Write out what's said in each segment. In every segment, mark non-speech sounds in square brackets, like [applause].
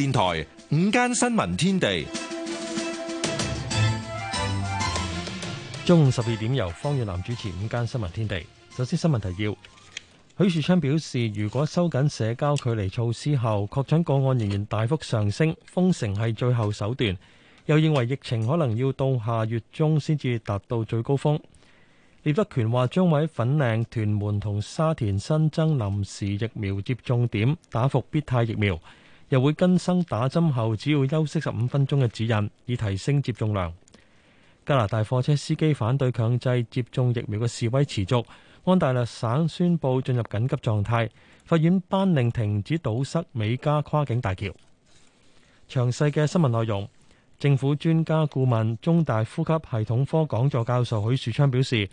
電台午間新聞天地，中午十二點由方月南主持午間新聞天地。首先新聞提要：許樹昌表示，如果收緊社交距離措施後，確診個案仍然大幅上升，封城係最後手段。又認為疫情可能要到下月中先至達到最高峰。聶德權話將喺粉嶺、屯門同沙田新增臨時疫苗接種點，打復必泰疫苗。又會更新打針後只要休息十五分鐘嘅指引，以提升接種量。加拿大貨車司機反對強制接種疫苗嘅示威持續，安大略省宣布進入緊急狀態。法院頒令停止堵塞美加跨境大橋。詳細嘅新聞內容，政府專家顧問、中大呼吸系統科講座教授許樹昌表示，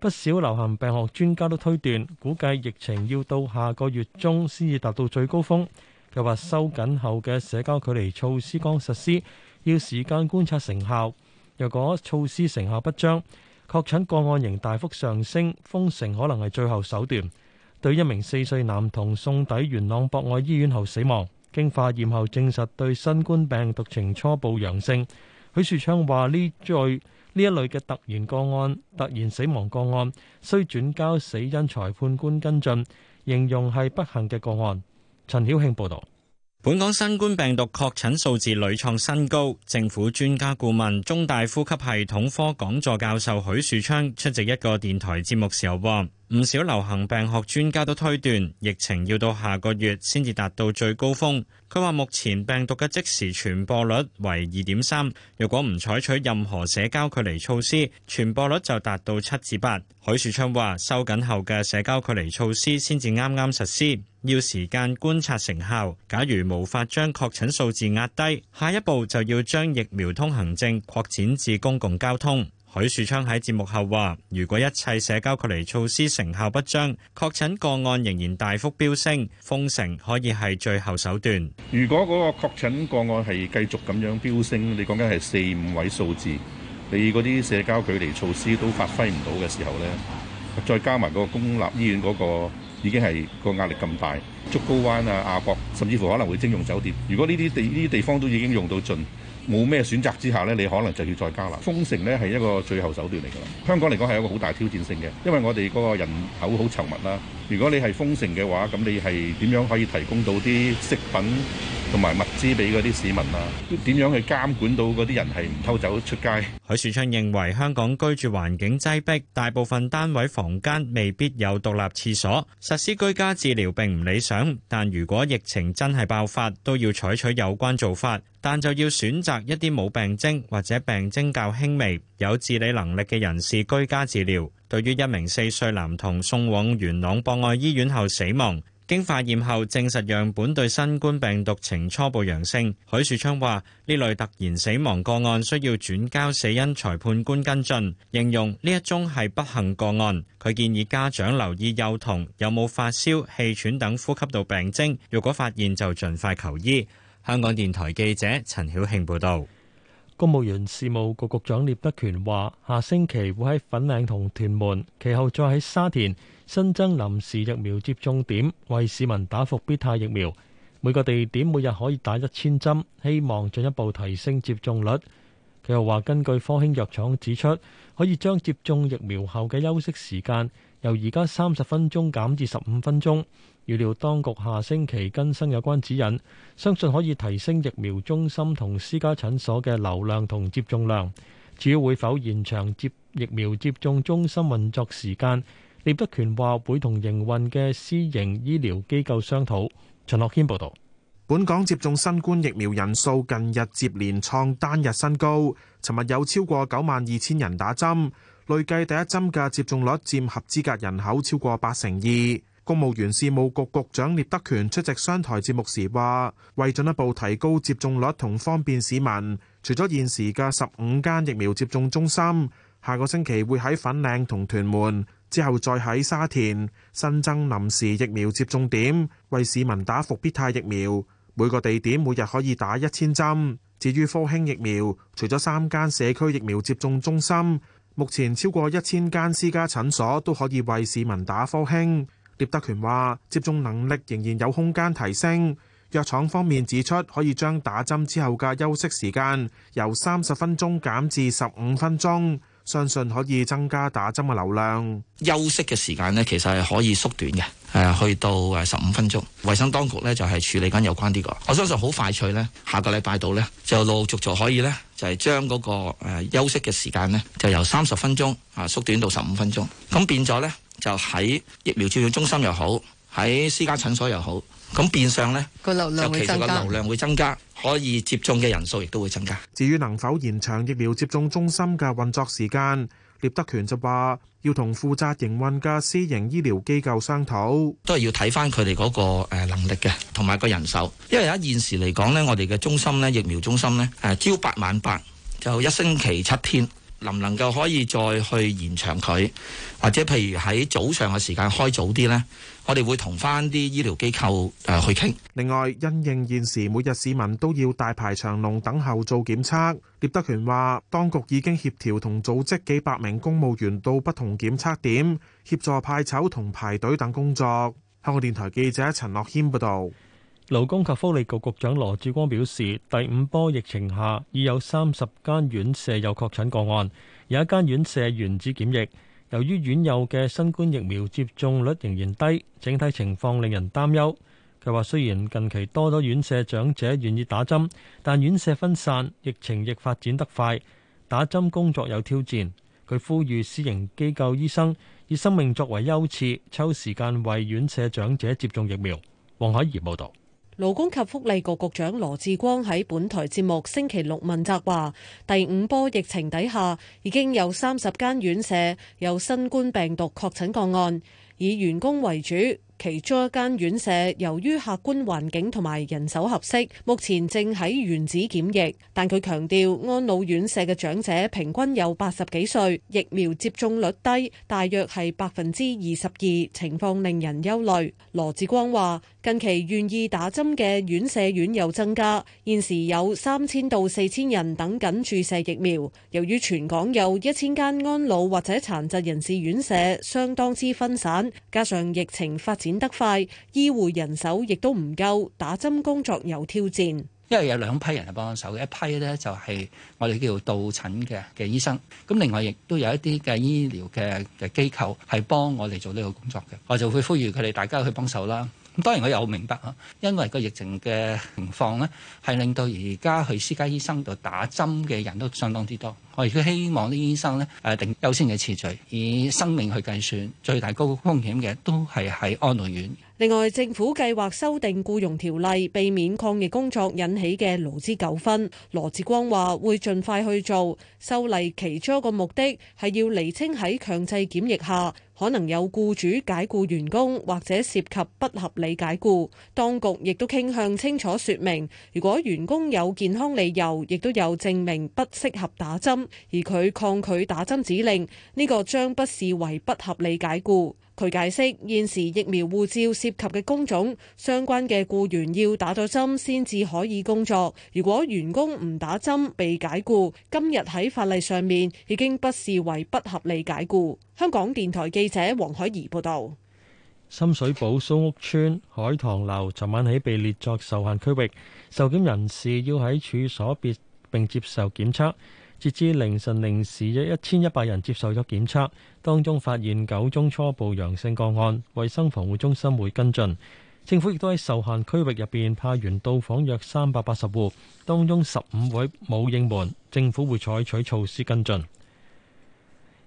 不少流行病學專家都推斷，估計疫情要到下個月中先至達到最高峰。又話收緊後嘅社交距離措施剛實施，要時間觀察成效。若果措施成效不彰，確診個案仍大幅上升，封城可能係最後手段。對一名四歲男童送抵元朗博愛醫院後死亡，經化驗後證實對新冠病毒呈初步陽性。許樹昌話呢類呢一類嘅突然個案，突然死亡個案，需轉交死因裁判官跟進，形容係不幸嘅個案。陳曉慶報道，本港新冠病毒確診數字屢創新高，政府專家顧問、中大呼吸系統科講座教授許樹昌出席一個電台節目時候話。唔少流行病學專家都推斷疫情要到下個月先至達到最高峰。佢話目前病毒嘅即時傳播率為二點三，如果唔採取任何社交距離措施，傳播率就達到七至八。許樹昌話收緊後嘅社交距離措施先至啱啱實施，要時間觀察成效。假如無法將確診數字壓低，下一步就要將疫苗通行證擴展至公共交通。許樹昌喺節目後話：如果一切社交距離措施成效不彰，確診個案仍然大幅飆升，封城可以係最後手段。如果嗰個確診個案係繼續咁樣飆升，你講緊係四五位數字，你嗰啲社交距離措施都發揮唔到嘅時候呢，再加埋個公立醫院嗰個已經係個壓力咁大，竹篙灣啊亞博，甚至乎可能會徵用酒店。如果呢啲地呢啲地方都已經用到盡。冇咩選擇之下咧，你可能就要再加啦。封城咧，係一個最後手段嚟㗎喇。香港嚟講係一個好大挑戰性嘅，因為我哋嗰個人口好稠密啦。如果你係封城嘅話，咁你係點樣可以提供到啲食品同埋物資俾嗰啲市民啊？點樣去監管到嗰啲人係唔偷走出街？許樹昌認為香港居住環境擠迫，大部分單位房間未必有獨立廁所，實施居家治療並唔理想。但如果疫情真係爆發，都要採取有關做法，但就要選擇一啲冇病徵或者病徵較輕微、有自理能力嘅人士居家治療。對於一名四歲男童送往元朗博愛醫院後死亡，經化驗後證實樣本對新冠病毒呈初步陽性。許樹昌話：呢類突然死亡個案需要轉交死因裁判官跟進。形容呢一宗係不幸個案。佢建議家長留意幼童有冇發燒、氣喘等呼吸道病徵，如果發現就盡快求醫。香港電台記者陳曉慶報導。公務員事務局局長聶德權話，下星期會喺粉嶺同屯門，其後再喺沙田新增臨時疫苗接種點，為市民打復必泰疫苗。每個地點每日可以打一千針，希望進一步提升接種率。佢又話：根據科興藥廠指出，可以將接種疫苗後嘅休息時間由而家三十分鐘減至十五分鐘。預料當局下星期更新有關指引，相信可以提升疫苗中心同私家診所嘅流量同接種量。至於會否延長接疫苗接種中心運作時間，聶德權話會同營運嘅私營醫療機構商討。陳樂軒報導。本港接種新冠疫苗人數近日接連創單日新高，尋日有超過九萬二千人打針，累計第一針嘅接種率佔合資格人口超過八成二。公務員事務局局,局長聶德權出席商台節目時話：為進一步提高接種率同方便市民，除咗現時嘅十五間疫苗接種中心，下個星期會喺粉嶺同屯門，之後再喺沙田新增臨時疫苗接種點，為市民打復必泰疫苗。每個地點每日可以打一千針。至於科興疫苗，除咗三間社區疫苗接種中心，目前超過一千間私家診所都可以為市民打科興。聶德權話，接種能力仍然有空間提升。藥廠方面指出，可以將打針之後嘅休息時間由三十分鐘減至十五分鐘。相信可以增加打針嘅流量。休息嘅時間呢，其實係可以縮短嘅，去到誒十五分鐘。衛生當局呢就係處理緊有關呢個，我相信好快脆呢，下個禮拜度呢，就陸陸續續可以呢，就係將嗰個誒休息嘅時間呢，就由三十分鐘啊縮短到十五分鐘。咁變咗呢，就喺疫苗接種中心又好，喺私家診所又好。咁變相呢，流量就其實個流量會增加，可以接種嘅人數亦都會增加。至於能否延長疫苗接種中心嘅運作時間，聶德權就話要同負責營運嘅私營醫療機構商討，都係要睇翻佢哋嗰個能力嘅，同埋個人手。因為喺現時嚟講呢，我哋嘅中心呢，疫苗中心呢，誒朝八晚八，就一星期七天。能唔能夠可以再去延長佢，或者譬如喺早上嘅時間開早啲咧？我哋會同翻啲醫療機構、呃、去傾。另外，因應現時每日市民都要大排長龍等候做檢測，聶德權話：當局已經協調同組織幾百名公務員到不同檢測點協助派籌同排隊等工作。香港電台記者陳樂謙報道。勞工及福利局局長羅志光表示，第五波疫情下已有三十間院舍有確診個案，有一間院舍原子檢疫。由於院友嘅新冠疫苗接種率仍然低，整體情況令人擔憂。佢話：雖然近期多咗院舍長者願意打針，但院舍分散，疫情亦發展得快，打針工作有挑戰。佢呼籲私營機構醫生以生命作為優次，抽時間為院舍長者接種疫苗。黃海怡報導。勞工及福利局局長羅致光喺本台節目星期六問責話，第五波疫情底下已經有三十間院舍有新冠病毒確診個案，以員工為主。其中一間院舍由於客觀環境同埋人手合適，目前正喺原址檢疫。但佢強調，安老院舍嘅長者平均有八十幾歲，疫苗接種率低，大約係百分之二十二，情況令人憂慮。羅致光話。近期願意打針嘅院舍院又增加，現時有三千到四千人等緊注射疫苗。由於全港有一千間安老或者殘疾人士院舍，相當之分散，加上疫情發展得快，醫護人手亦都唔夠，打針工作有挑戰。因為有兩批人係幫手，一批呢就係我哋叫做到診嘅嘅醫生，咁另外亦都有一啲嘅醫療嘅嘅機構係幫我哋做呢個工作嘅，我就會呼籲佢哋大家去幫手啦。咁當然我又明白啊，因為個疫情嘅情況咧，係令到而家去私家醫生度打針嘅人都相當之多。我亦都希望啲醫生呢誒定優先嘅次序，以生命去計算，最大高風險嘅都係喺安老院。另外，政府計劃修訂僱傭條例，避免抗疫工作引起嘅勞資糾紛。羅志光話：會盡快去做修例，其中一個目的係要釐清喺強制檢疫下，可能有僱主解雇員工或者涉及不合理解雇。當局亦都傾向清楚說明，如果員工有健康理由，亦都有證明，不適合打針。而佢抗拒打針指令，呢個將不視為不合理解雇。佢解釋，現時疫苗護照涉及嘅工種，相關嘅僱員要打咗針先至可以工作。如果員工唔打針被解雇，今日喺法例上面已經不視為不合理解雇。香港電台記者黃海怡報道，深水埗蘇屋村海棠樓，昨晚起被列作受限區域，受檢人士要喺處所別並接受檢測。截至凌晨零時，約一千一百人接受咗檢測，當中發現九宗初步陽性個案，衛生防護中心會跟進。政府亦都喺受限區域入邊派員到訪約三百八十戶，當中十五位冇應門，政府會採取措施跟進。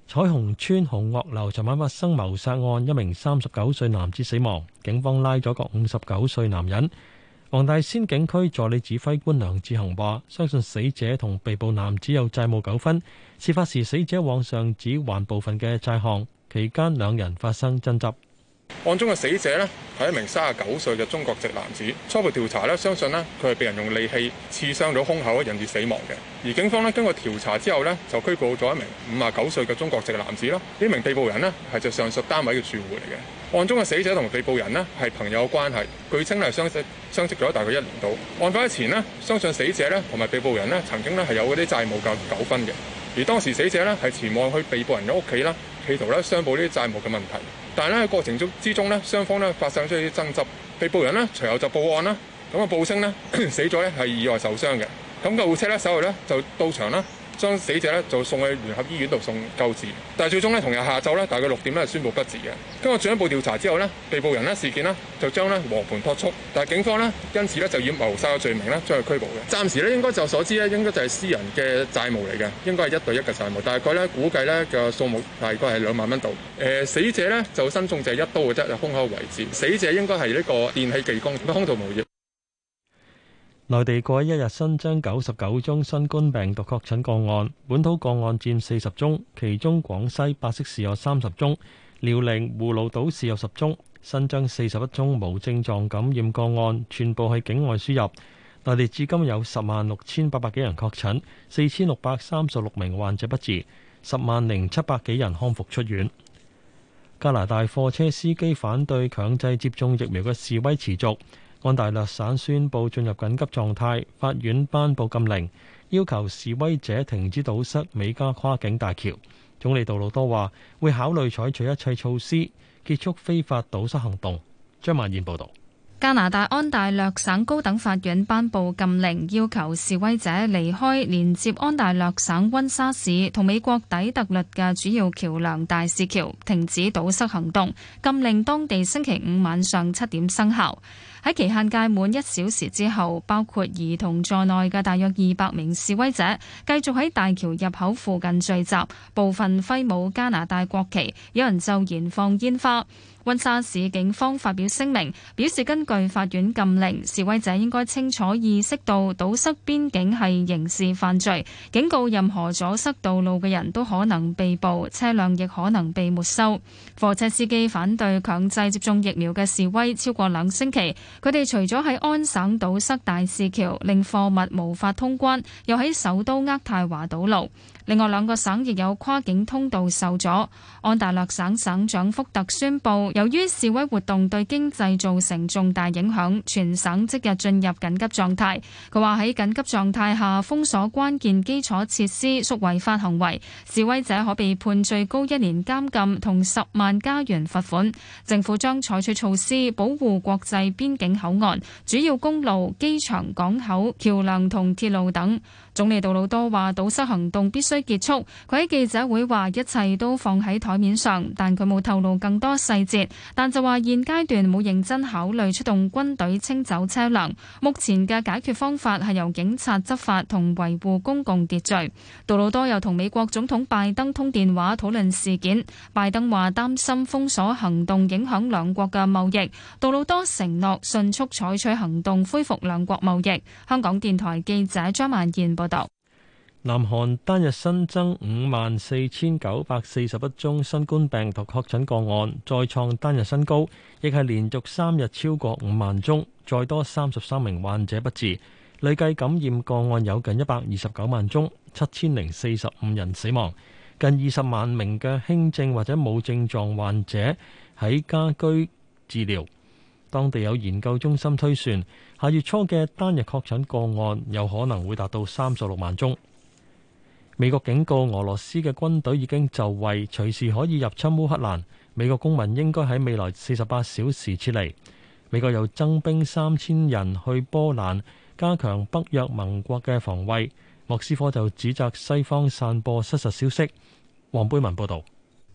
彩虹村紅萼樓昨晚發生謀殺案，一名三十九歲男子死亡，警方拉咗個五十九歲男人。黃大仙警區助理指揮官梁志恒話，相信死者同被捕男子有債務糾紛，事發時死者往上址還部分嘅債項，期間兩人發生爭執。案中嘅死者呢，係一名三十九歲嘅中國籍男子，初步調查呢相信呢，佢係被人用利器刺傷咗胸口，引致死亡嘅。而警方呢經過調查之後呢，就拘捕咗一名五十九歲嘅中國籍男子啦，呢名被捕人呢，係就上述單位嘅住戶嚟嘅。案中嘅死者同被捕人呢，係朋友嘅關係，據稱係相識相識咗大概一年到。案發之前呢，相信死者呢，同埋被捕人呢，曾經呢，係有嗰啲債務嘅糾紛嘅。而當時死者呢，係前往去被捕人嘅屋企啦，企圖咧商報呢啲債務嘅問題，但係呢，喺過程中之中呢，雙方呢，發生咗一啲爭執，被捕人呢，隨後就報案啦。咁啊，報稱呢，死者呢，係意外受傷嘅。咁救護車呢，稍後呢，就到場啦。將死者咧就送去聯合醫院度送救治，但係最終咧，同日下晝咧大概六點咧，宣布不治嘅。經過進一步調查之後呢，被捕人呢，事件呢，就將呢和盤托出，但係警方呢，因此呢，就以謀殺嘅罪名呢將佢拘捕嘅。暫時呢，應該就所知呢，應該就係私人嘅債務嚟嘅，應該係一對一嘅債務，大概呢，估計呢嘅數目大概係兩萬蚊度。誒，死者呢，就身中就係一刀嘅啫，就胸口嘅位置。死者應該係呢個電器技工，空徒無業。內地過去一日新增九十九宗新冠病毒確診個案，本土個案佔四十宗，其中廣西、百色市有三十宗，遼寧葫蘆島市有十宗。新增四十一宗無症狀感染個案，全部係境外輸入。內地至今有十萬六千八百幾人確診，四千六百三十六名患者不治，十萬零七百幾人康復出院。加拿大貨車司機反對強制接種疫苗嘅示威持續。安大略省宣布進入緊急狀態，法院頒布禁令，要求示威者停止堵塞美加跨境大橋。總理杜魯多話會考慮採取一切措施結束非法堵塞行動。張曼燕報道：加拿大安大略省高等法院頒布禁令，要求示威者離開連接安大略省溫莎市同美國底特律嘅主要橋樑——大使橋，停止堵塞行動。禁令當地星期五晚上七點生效。喺期限屆滿一小時之後，包括兒童在內嘅大約二百名示威者繼續喺大橋入口附近聚集，部分揮舞加拿大國旗，有人就燃放煙花。溫莎市警方發表聲明，表示根據法院禁令，示威者應該清楚意識到堵塞邊境係刑事犯罪，警告任何阻塞道路嘅人都可能被捕，車輛亦可能被沒收。貨車司機反對強制接種疫苗嘅示威超過兩星期，佢哋除咗喺安省堵塞大使橋，令貨物無法通關，又喺首都渥太華堵路。另外兩個省亦有結束，佢喺記者會話一切都放喺台面上，但佢冇透露更多細節。但就話現階段冇認真考慮出動軍隊清走車輛，目前嘅解決方法係由警察執法同維護公共秩序。杜魯多又同美國總統拜登通電話討論事件，拜登話擔心封鎖行動影響兩國嘅貿易，杜魯多承諾迅速採取行動恢復兩國貿易。香港電台記者張萬賢報道。南韓單日新增五萬四千九百四十一宗新冠病毒確診個案，再創單日新高，亦係連續三日超過五萬宗，再多三十三名患者不治。累計感染個案有近一百二十九萬宗，七千零四十五人死亡。近二十萬名嘅輕症或者冇症狀患者喺家居治療。當地有研究中心推算，下月初嘅單日確診個案有可能會達到三十六萬宗。美國警告俄羅斯嘅軍隊已經就位，隨時可以入侵烏克蘭。美國公民應該喺未來四十八小時撤離。美國又增兵三千人去波蘭，加強北約盟國嘅防衛。莫斯科就指責西方散播失實消息。黃貝文報道。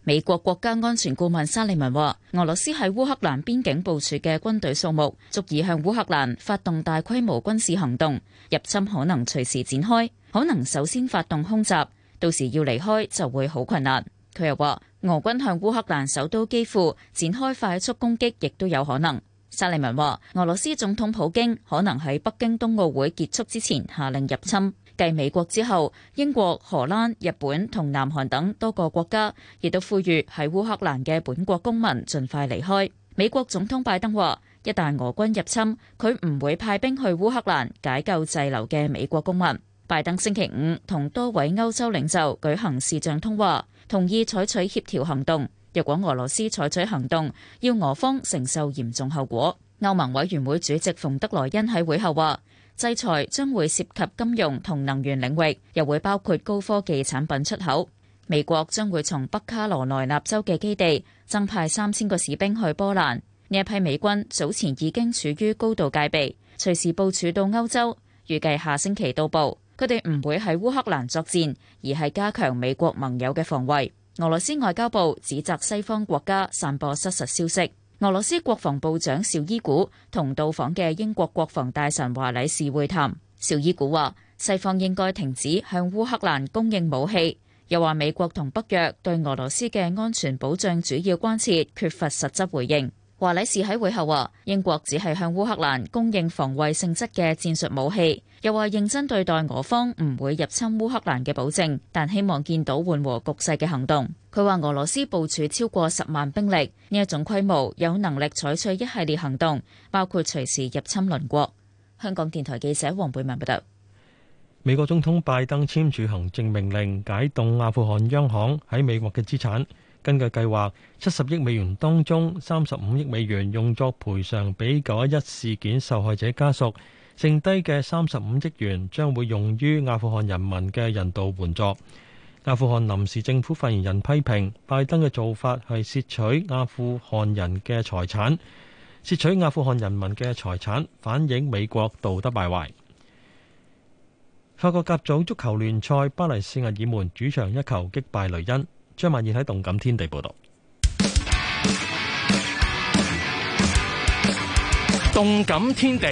美國國家安全顧問沙利文話：俄羅斯喺烏克蘭邊境部署嘅軍隊數目足以向烏克蘭發動大規模軍事行動，入侵可能隨時展開，可能首先發動空襲，到時要離開就會好困難。佢又話，俄軍向烏克蘭首都基輔展開快速攻擊亦都有可能。沙利文話：俄羅斯總統普京可能喺北京冬奧會結束之前下令入侵。繼美國之後，英國、荷蘭、日本同南韓等多個國家亦都呼籲喺烏克蘭嘅本國公民盡快離開。美國總統拜登話：一旦俄軍入侵，佢唔會派兵去烏克蘭解救滯留嘅美國公民。拜登星期五同多位歐洲領袖舉行視像通話，同意採取協調行動。若果俄羅斯採取行動，要俄方承受嚴重後果。歐盟委員會主席馮德萊恩喺會後話：制裁將會涉及金融同能源領域，又會包括高科技產品出口。美國將會從北卡羅來納州嘅基地增派三千個士兵去波蘭。呢一批美軍早前已經處於高度戒備，隨時部署到歐洲，預計下星期到步。佢哋唔會喺烏克蘭作戰，而係加強美國盟友嘅防衛。俄羅斯外交部指責西方國家散播失實消息。俄羅斯國防部長紹伊古同到訪嘅英國國防大臣華禮士會談。紹伊古話：西方應該停止向烏克蘭供應武器，又話美國同北約對俄羅斯嘅安全保障主要關切缺乏實質回應。華理士喺會後話：英國只係向烏克蘭供應防衛性質嘅戰術武器，又話認真對待俄方唔會入侵烏克蘭嘅保證，但希望見到緩和局勢嘅行動。佢話俄羅斯部署超過十萬兵力，呢一種規模有能力採取一系列行動，包括隨時入侵鄰國。香港電台記者黃貝文報道：美國總統拜登簽署行政命令，解凍阿富汗央行喺美國嘅資產。根據計劃，七十億美元當中，三十五億美元用作賠償俾九一一事件受害者家屬，剩低嘅三十五億元將會用於阿富汗人民嘅人道援助。阿富汗臨時政府發言人批評拜登嘅做法係竊取阿富汗人嘅財產，竊取阿富汗人民嘅財產，反映美國道德敗壞。法國甲組足球聯賽，巴黎聖日耳門主場一球擊敗雷恩。張曼燕喺動感天地報道。動感天地，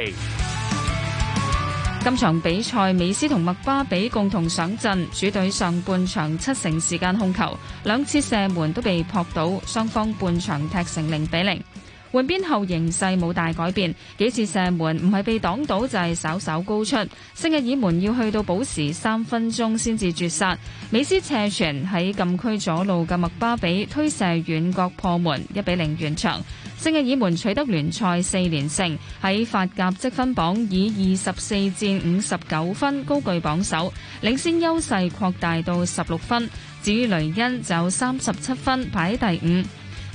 今場比賽，美斯同麥巴比共同上陣，主隊上半場七成時間控球，兩次射門都被撲倒，雙方半場踢成零比零。換邊後形勢冇大改變，幾次射門唔係被擋到就係、是、稍稍高出。聖日耳門要去到補時三分鐘先至絕殺，美斯斜傳喺禁區左路嘅麥巴比推射遠角破門，一比零完場。聖日耳門取得聯賽四連勝，喺法甲積分榜以二十四戰五十九分高居榜首，領先優勢擴大到十六分。至於雷恩就三十七分排喺第五。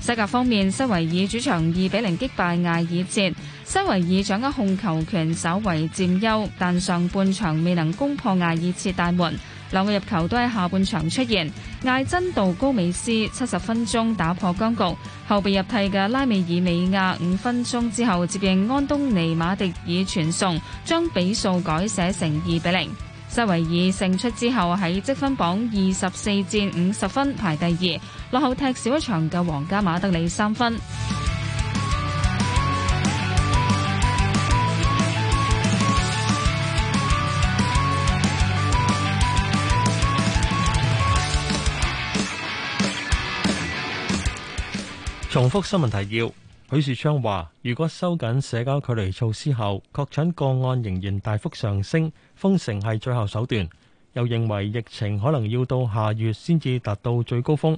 西甲方面，西維爾主場二比零擊敗艾爾切。西維爾掌握控球權，稍為佔優，但上半場未能攻破艾爾切大門。兩個入球都喺下半場出現。艾真道高美斯七十分鐘打破僵局，後備入替嘅拉美爾美亞五分鐘之後接應安東尼馬迪爾傳送，將比數改寫成二比零。西維爾勝出之後喺積分榜二十四戰五十分排第二，落後踢少一場嘅皇家馬德里三分。重複新聞提要。許樹昌話：如果收緊社交距離措施後，確診個案仍然大幅上升，封城係最後手段。又認為疫情可能要到下月先至達到最高峰。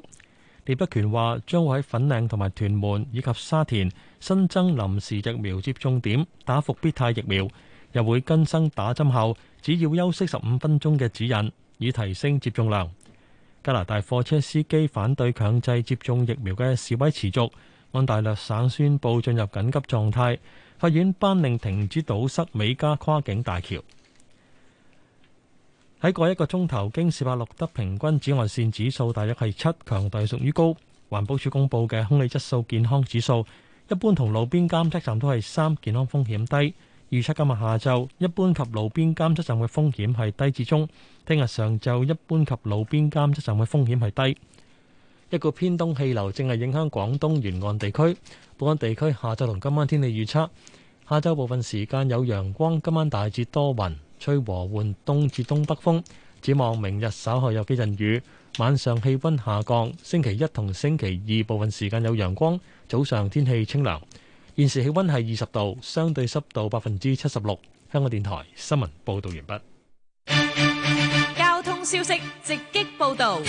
聶德權話：將會喺粉嶺同埋屯門以及沙田新增臨時疫苗接種點打復必泰疫苗，又會更新打針後只要休息十五分鐘嘅指引，以提升接種量。加拿大貨車司機反對強制接種疫苗嘅示威持續。安大略省宣布進入緊急狀態，法院頒令停止堵塞美加跨境大橋。喺過一個鐘頭，京士柏錄得平均紫外線指數大約係七，強度屬於高。環保署公布嘅空氣質素健康指數，一般同路邊監測站都係三，健康風險低。預測今日下晝一般及路邊監測站嘅風險係低至中，聽日上晝一般及路邊監測站嘅風險係低。一股偏東氣流正係影響廣東沿岸地區，本港地區下晝同今晚天氣預測：下晝部分時間有陽光，今晚大致多雲，吹和緩東至東北風。展望明日稍後有幾陣雨，晚上氣温下降。星期一同星期二部分時間有陽光，早上天氣清涼。現時氣温係二十度，相對濕度百分之七十六。香港電台新聞報道完畢。交通消息直擊報道。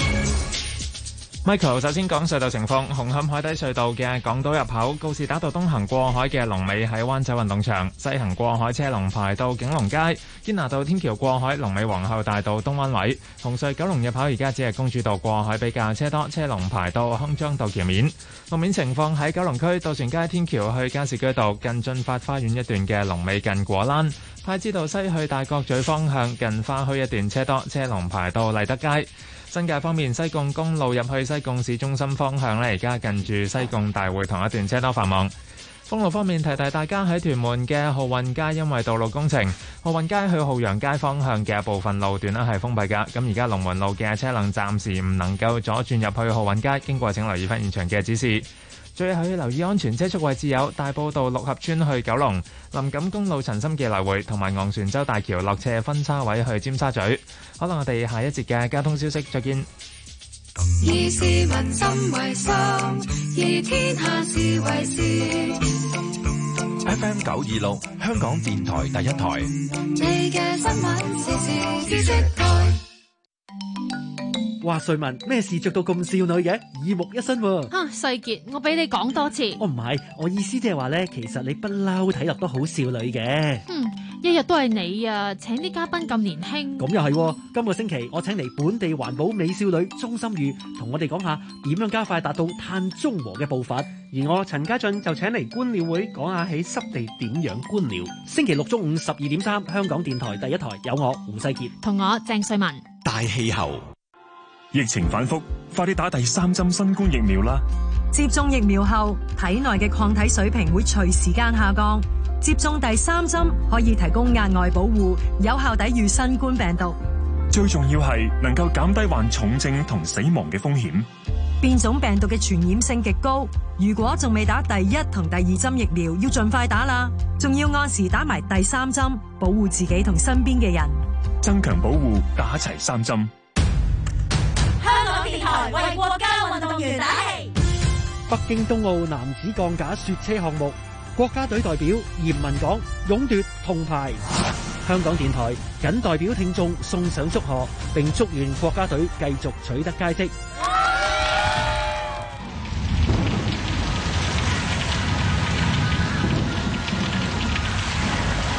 Michael 首先講隧道情況，紅磡海底隧道嘅港島入口告士打道東行過海嘅龍尾喺灣仔運動場，西行過海車龍排到景隆街。堅拿道天橋過海龍尾，皇后大道東灣位，紅隧九龍入口而家只係公主道過海比較車多，車龍排到康莊道橋面。路面情況喺九龍區渡船街天橋去加士居道近進發花園一段嘅龍尾近果欄。太子道西去大角咀方向近花墟一段車多，車龍排到麗德街。新界方面，西貢公路入去西貢市中心方向咧，而家近住西貢大會堂一段車多繁忙。封路方面，提提大家喺屯門嘅浩運街，因為道路工程，浩運街去浩陽街方向嘅部分路段咧係封閉噶。咁而家龍門路嘅車輛暫時唔能夠左轉入去浩運街，經過請留意翻現場嘅指示。最後要留意安全車速位置有大埔道六合村去九龍林錦公路陳深記來回，同埋昂船洲大橋落斜分叉位去尖沙咀。可能我哋下一節嘅交通消息，再見。以市民心為心，以天下事為事。FM 九二六，香港電台第一台。你嘅新聞時時知識台。哇，瑞文，咩事着到咁少女嘅？耳目一新喎。哈、啊，世杰，我俾你講多次。我唔係，我意思即係話咧，其實你不嬲睇落都好少女嘅。嗯。一日都係你啊，請啲嘉賓咁年輕。咁又係，今個星期我請嚟本地環保美少女鍾芯豫，同我哋講下點樣加快達到碳中和嘅步伐。而我陳家俊就請嚟觀鳥會講下喺濕地點樣觀鳥。星期六中午十二點三，香港電台第一台有我胡世杰，同我鄭瑞文。大氣候，疫情反覆，快啲打第三針新冠疫苗啦！接種疫苗後，體內嘅抗體水平會隨時間下降。接種第三針可以提供額外保護，有效抵禦新冠病毒。最重要係能夠減低患重症同死亡嘅風險。變種病毒嘅傳染性極高，如果仲未打第一同第二針疫苗，要盡快打啦。仲要按時打埋第三針，保護自己同身邊嘅人。增強保護，打齊三針。香港電台為國家運動員打氣。北京冬奧男子鋼架雪車項目，國家隊代表嚴文港勇奪銅牌，香港電台謹代表聽眾送上祝賀，並祝願國家隊繼續取得佳績。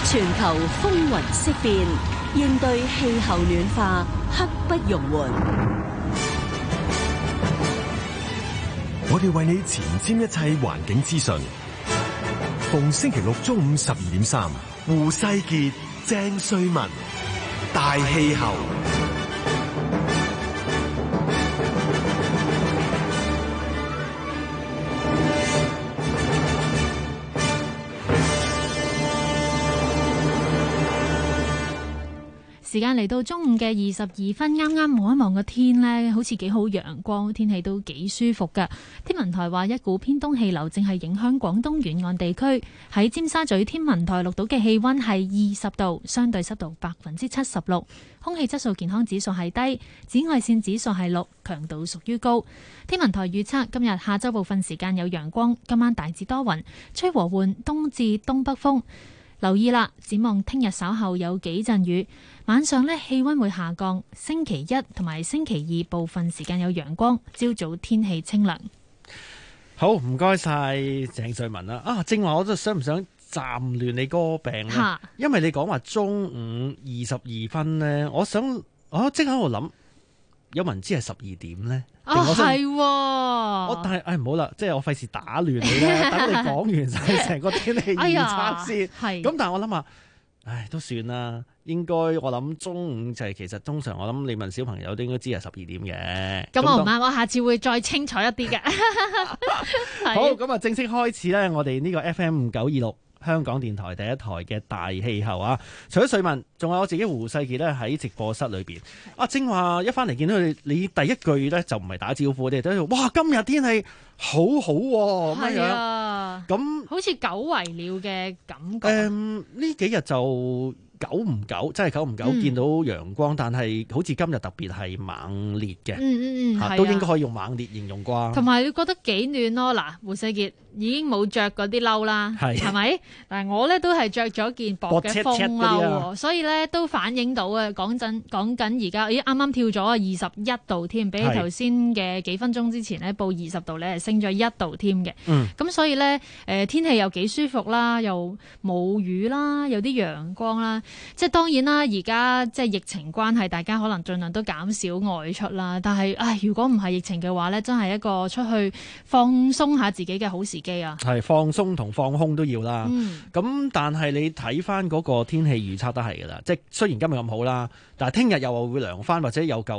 全球風雲色變，應對氣候暖化刻不容緩。我哋為你前瞻一切環境資訊。逢星期六中午十二點三，胡世杰、鄭瑞文，大氣候。哎時間嚟到中午嘅二十二分，啱啱望一望個天呢，好似幾好陽光，天氣都幾舒服噶。天文台話一股偏東氣流正係影響廣東沿岸地區，喺尖沙咀天文台錄到嘅氣溫係二十度，相對濕度百分之七十六，空氣質素健康指數係低，紫外綫指數係六，強度屬於高。天文台預測今日下晝部分時間有陽光，今晚大致多雲，吹和緩東至東北風。留意啦，展望聽日稍後有幾陣雨，晚上咧氣溫會下降。星期一同埋星期二部分時間有陽光，朝早天氣清涼。好，唔該晒鄭瑞文啦。啊，正話我都想唔想暫亂你個病咧，因為你講話中午二十二分呢，我想我即喺度諗。有冇人知係十二點咧？啊，係、哦哦！我但係，唉，唔好啦，即係我費事打亂你啦。等 [laughs] 你講完晒成個天氣預測先。係、哎。咁但係我諗下，唉，都算啦。應該我諗中午就係、是、其實通常我諗你問小朋友都應該知係十二點嘅。咁我唔啱，我下次會再清楚一啲嘅 [laughs] [laughs] 好，咁啊，正式開始咧，我哋呢個 FM 九二六。香港電台第一台嘅大氣候啊！除咗水文，仲有我自己胡世傑咧喺直播室裏邊。阿正話一返嚟見到佢，你第一句咧就唔係打招呼，你都喺度哇，今日天氣好，啊，麼樣是啊，好乜樣？咁好似久違了嘅感覺。誒、嗯，呢幾日就。久唔久，真係久唔久見到陽光，但係好似今日特別係猛烈嘅，嚇都應該可以用猛烈形容啩。同埋你覺得幾暖咯？嗱，胡世傑已經冇著嗰啲褸啦，係咪？但係，我咧都係著咗件薄嘅風褸喎，所以咧都反映到呀。講緊講緊而家，咦啱啱跳咗二十一度添，比起頭先嘅幾分鐘之前咧，報二十度咧係升咗一度添嘅。嗯，咁所以咧，誒天氣又幾舒服啦，又冇雨啦，有啲陽光啦。即係當然啦，而家即係疫情關係，大家可能盡量都減少外出啦。但係，唉，如果唔係疫情嘅話咧，真係一個出去放鬆下自己嘅好時機啊。係放鬆同放空都要啦。咁、嗯、但係你睇翻嗰個天氣預測都係㗎啦。即係雖然今日咁好啦，但係聽日又會涼翻，或者有夠